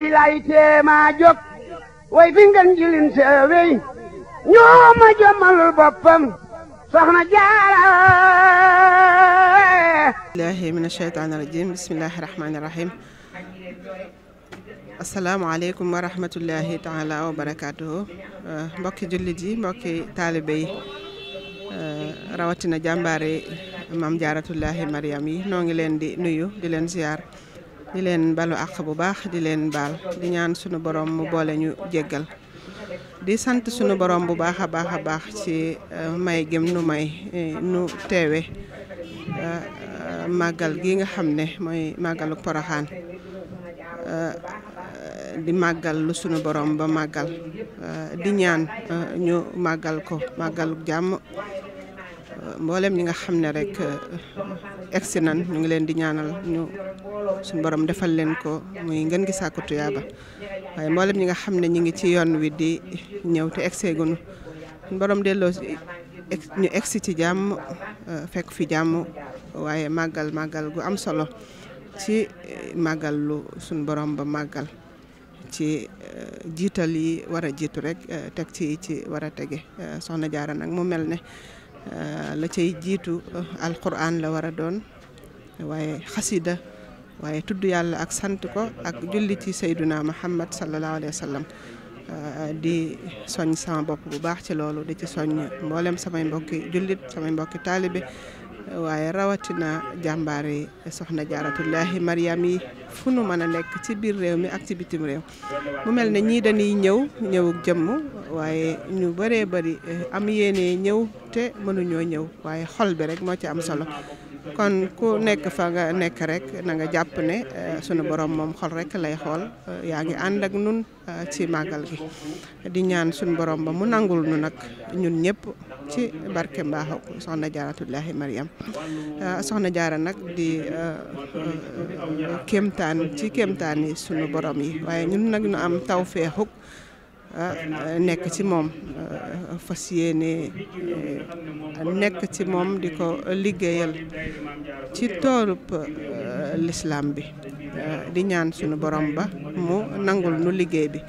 lay teema jóg way fi ngeen jilin seewey ñoo ma jëmalul boppam soxna jaara billahi min ashaytaan irajim bismillahi rahmaani rahim asalaamaaleykum wa rahmatullahi taala wa barakaatuhu uh, mbokki jullit yi mbokki taalibe yi uh, rawatina jàmbaare maam jaaratullahi mariam yi noo ngi leen di nuyu di leen ziyaar di leen balu àq bu baax di leen baal di ñaan sunu borom mu boole ñu jéggal di sant sunu borom bu baax a baax a baax ci euh, may gëm nu may eh, nu teewe euh, màggal gi nga xam ne mooy màggalu poroxaan euh, di màggal lu sunu borom ba màggal di ñaan ñu màggal ko màggalu jàmm mboolem ñi nga xam ne rek eh, egsi nan ñu ngi leen di ñaanal ñu suñu borom defal leen ko muy ngeen gi sàkku tuyaaba waaye mboolem ñi nga xam ne ñu ngi ci yoon wi di ñëw te egsee gunu suñu borom delloo ñu egsi ci jàmm eh, fekk fi jàmm waaye màggal màggal gu am solo ci eh, màggal lu suñ borom ba màggal ci jiital yi war a jiitu rek teg ci ci war a tege soxna jaara nag mu mel ne. Euh, la ciy jiitu euh, alquran la war a doon waaye xasida waaye tudd yàlla ak sant ko ak julli ci sayduna muhammad sallallahu alayhi wa sallam euh, di soñ sama bopp bu baax ci loolu di ci soñ mboolem samay mbokki jullit samay mbokki taalibe waaye rawatina jàmbaari soxna jaaratullahi Mariam yi fu nu mën a nekk ci biir réew mi ak ci bitim réew mu mel ne ñii dañuy ñëw ñëwuk jëmm waaye ñu bëree bëri eh, am yéene ñëw te mënuñoo ñëw waaye xol bi rek moo ci am solo kon ku nekk fa nga nekk rek na nga jàpp ne eh, sunu borom moom xol rek lay xool eh, yaa ngi ànd ak nun ci màggal gi di ñaan sunu borom ba mu nangul nu nag ñun ñëpp. ci barke mbaaxu soxna jaaratullahi Mariam euh, soxna jaara nag di euh, euh, kéemtaan ci kéemtaan yi borom yi waaye ñun nag ñu am taw nekk ci moom fas yéene nekk ci moom di ko liggéeyal ci toolub lislaam bi di ñaan sunu borom ba mu nangul nu liggéey bi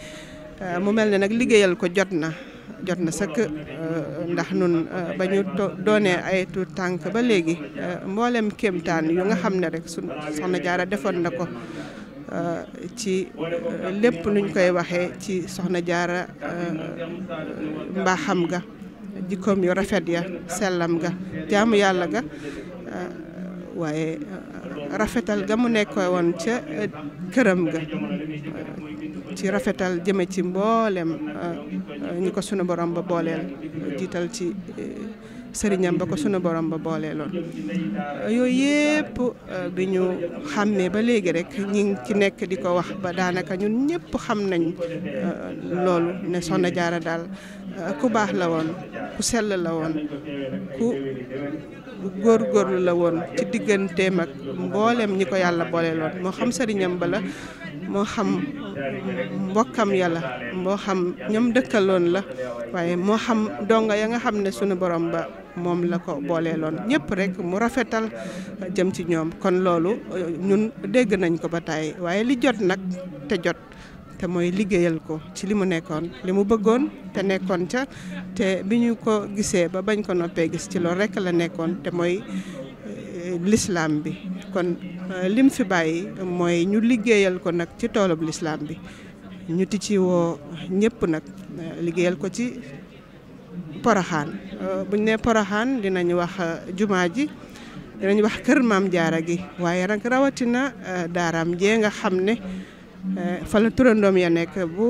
mu mel ne nag liggéeyal ko jot na jot na sëkk euh, ndax nun euh, ba ñu doonee ay tuut tànk ba léegi euh, mboolem kéemtaan yu nga xam ne rek su soxna jaara defoon na ko ci lépp nuñ koy waxee ci soxna jaara mbaaxam ga jikkoom yu rafet ya sellam ga jaamu yàlla ga waaye rafetal ga mu nekkoon woon ca këram ga ci rafetal jëme ci mboolem euh, ñi ko sunu borom ba booleel jiital ci euh, sëriñam ba ko sunu borom ba booleeloon yooyu yëpp euh, bi ñu xàmmee ba léegi rek ñi ci nekk di ko wax ba daanaka ñun ñëpp xam nañ loolu ne Soxna Jaara daal ku baax la woon ku sell la woon ku góorlu la woon ci diggante mag mboolem ñi ko yàlla booleeloon moo xam sëriñam ba la moo xam mbokkam yala mboo xam ñoom dëkkaloon la waaye moo xam dongo ya nga xam ne sunu borom ba moom la ko booleeloon ñëpp rek mu rafetal jëm ci ñoom kon loolu ñun dégg nañ ko ba tàyyi waaye li jot nag te jot te mooy liggéeyal ko ci li mu nekkoon li mu bëggoon te nekkoon ca te bi ñu ko gisee ba bañ ko noppee gis ci loolu rek la nekkoon te mooy eh, lislaam bi kon Euh, lim fi bàyyi mooy ñu liggéeyal ko nag ci toolub lislaam bi ñu ti ci woo ñëpp nag euh, liggéeyal ko ci poroxaan euh, buñ ne poroxaan dinañ wax jumaa ji dinañ wax kër maam jaara gi waaye nag rawatina daaraam jee nga xam ne fa turandoom ya nekk bu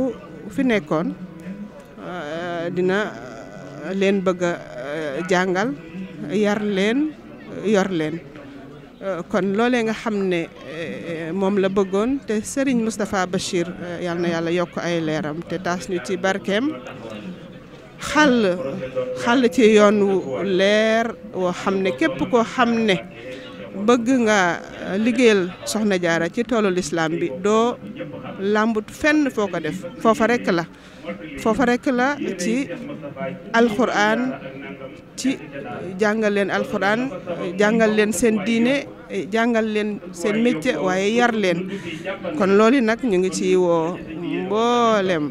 fi nekkoon dina leen bëgg a jàngal yar leen yor leen Euh, kon loole nga xam ne euh, moom la bëggoon te Serigne Moustapha Bachir euh, yàlla na yàlla yokk ay leeram te taas ñu ci barkeem xàll xàll ci yoon wu leer woo xam ne képp koo xam ne bëgg nga liggéeyal soxna jaara ci toolu lislaam bi doo làmbut fenn foo ko def foofa rekk la foofa rekk la ci alxuraan ci jàngal leen alxuraan jàngal leen seen diine jàngal leen seen métier waaye yar leen kon looli nag ñu ngi ci woo mboolem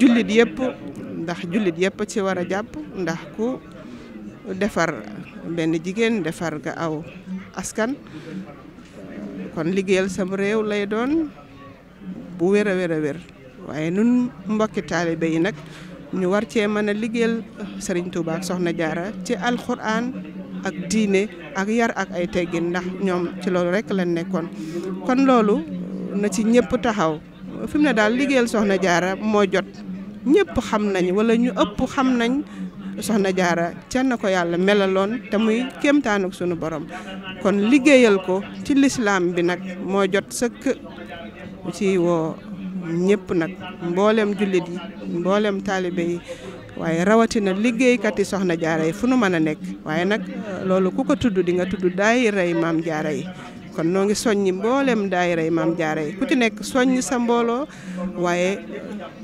jullit yëpp ndax jullit yëpp ci war a jàpp ndax ku defar benn jigéen defar nga aw askan kon liggéeyal sam réew lay doon bu wér a wér a wér waaye nun mbokki taalibe yi nag ñu war cee mën a liggéeyal Serigne Touba ak Soxna Jaara ci alxuraan ak diine ak yar ak ay teggin ndax ñoom ci loolu rekk lañ nekkoon kon loolu na ci ñëpp taxaw fi ne daal liggéeyal Soxna Jaara moo jot ñëpp xam nañ wala ñu ëpp xam nañ Soxna Jaara can ko yàlla melaloon te muy kéemtaan ak borom kon liggéeyal ko ci lislaam bi nag moo jot sëkk ci woo ñëpp nag mboolem jullit yi mboolem taalibe yi waaye rawatina liggéeykat yi soxna jaara yi fu nu mën a nekk waaye nag uh, loolu ku ko tudd di nga tudd daay rey maam jaara yi kon noo ngi soññi mboolem daay rey maam jaara yi ku ci nekk soññ sa mbooloo waaye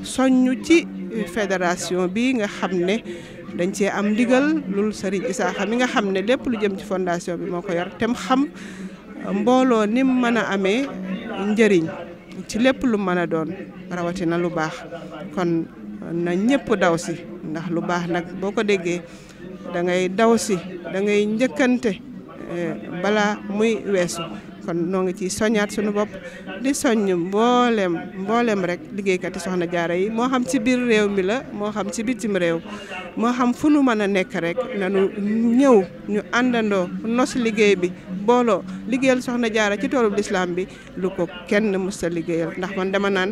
soññ ci fédération bi nga xam ne dañ cee am ndigal lul Serigne Isaaxa mi nga xam ne lépp lu jëm ci fondation bi moo ko yor tem xam uh, mbooloo nim mën a amee njëriñ ci lépp lu mën a doon rawatina lu baax kon na ñëpp daw si ndax lu baax nag boo ko déggee dangay daw si da ngay njëkkante eh, balaa muy weesu kon noo ngi ciy soññaat suñu bopp di soñ mbooleem mbooleem rek liggéeykat soxna jaara yi moo xam si biir réew mi la moo xam si bitim réew moo xam fu nu mën a nekk rek nanu ñëw ñu àndandoo nos liggéey bi booloo liggéeyal soxna jaara ci toolub lislaam bi lu ko kenn mu a liggéeyal ndax man dama naan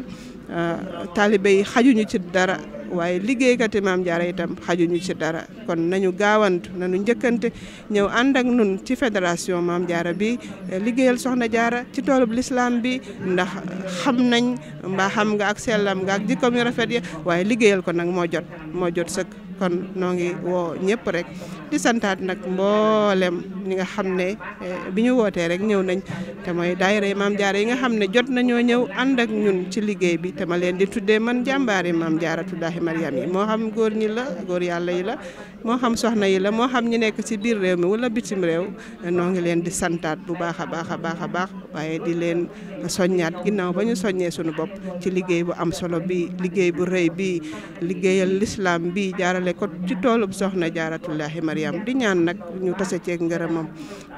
Euh, taalibe yi xajuñu ci dara waaye liggéeykati maam jaara yitam xajuñu ci dara kon nañu gaawantu nañu njëkkante ñëw ànd ak nun ci fédération maam jaara bi euh, liggéeyal soxna jaara ci toolub lislaam bi ndax xam nañ mbaa xam nga ak sellam nga ak jikkoom yu rafet ya waaye liggéeyal kon nag moo jot moo jot sëkk kon noo woo ñëpp rek di santaat nag mboolem ñi nga xam ne eh, bi ñu wootee rek ñëw nañ te mooy daayira yi maam jaara yi nga xam ne jot nañoo ñëw ànd ak ñun ci liggéey bi te ma leen di tuddee man jàmbaar jàmbaari maam jaara tuddaahi mariam yi moo xam góor ñi la góor yàlla yi la moo xam soxna yi la moo xam ñu nekk ci biir réew mi wala bitim réew noo ngi leen di santaat bu baax a baax a baax a baax waaye di leen soññaat ginnaaw ba ñu soññee suñu bopp ci liggéey bu am solo bi liggéey jaarale ko ci toolub soxna jaaratullahi Mariam di ñaan nag ñu tase ceeg ngërëmam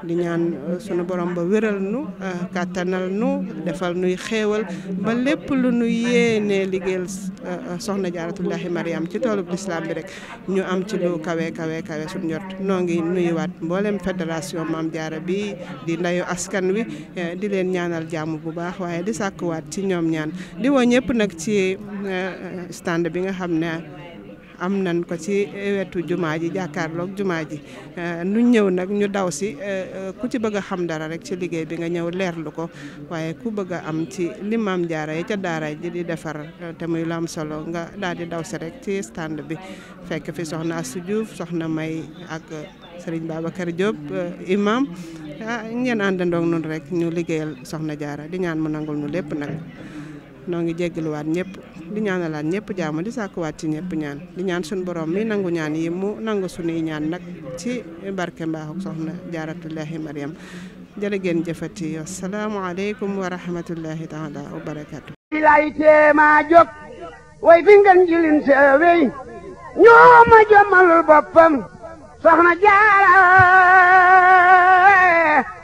di ñaan euh, sunu borom ba wéral nu euh, kàttanal nu defal nuy xéewal ba lépp lu nu yéenee liggéeyal euh, soxna jaaratullahi Mariam ci toolub lislaam bi rek ñu am ci lu kawe kawe kawe suñu njort noo ngi nuyuwaat mboolem fédération Maam Jaara bi di ndayu askan wi di leen ñaanal jàmm bu baax waaye di sàkkuwaat ci ñoom ñaan di woo ñëpp nag ci stand bi nga xam ne am nañ ko ci eh, wetu jumaa ji jàkkaarloog jumaa ji eh, nu ñëw nag ñu daw si eh, ku ci bëgg xam dara rek ci liggéey bi nga ñëw leerlu ko waaye ku bëgg a am ci li maam jaara yi ca daara ji di defar te muy lu solo nga daal di daw si rek ci stand bi fekk fi soxna Astou Diouf soxna May ak Serigne Babacar Diop imam ah ngeen àndandoog noonu rek ñu liggéeyal soxna jaara di ñaan mu nangul nu lépp nag noo ngi jéggaluwaat ñëpp. di ñaanalaat ñëpp jàmm di sàkkuwaat ci ñëpp ñaan di ñaan suñu boroom mi nangu ñaan yi mu nangu suñuy ñaan nag ci barke mbaaxuk soxna jaaratullahi mariam jërë ngeen jëfati wasalaamualeykum wa rahmatullahi taala wa barakatu lay teema jóg way fi ngeen jilin sewey ñoo ma jommalul boppam soxna jaara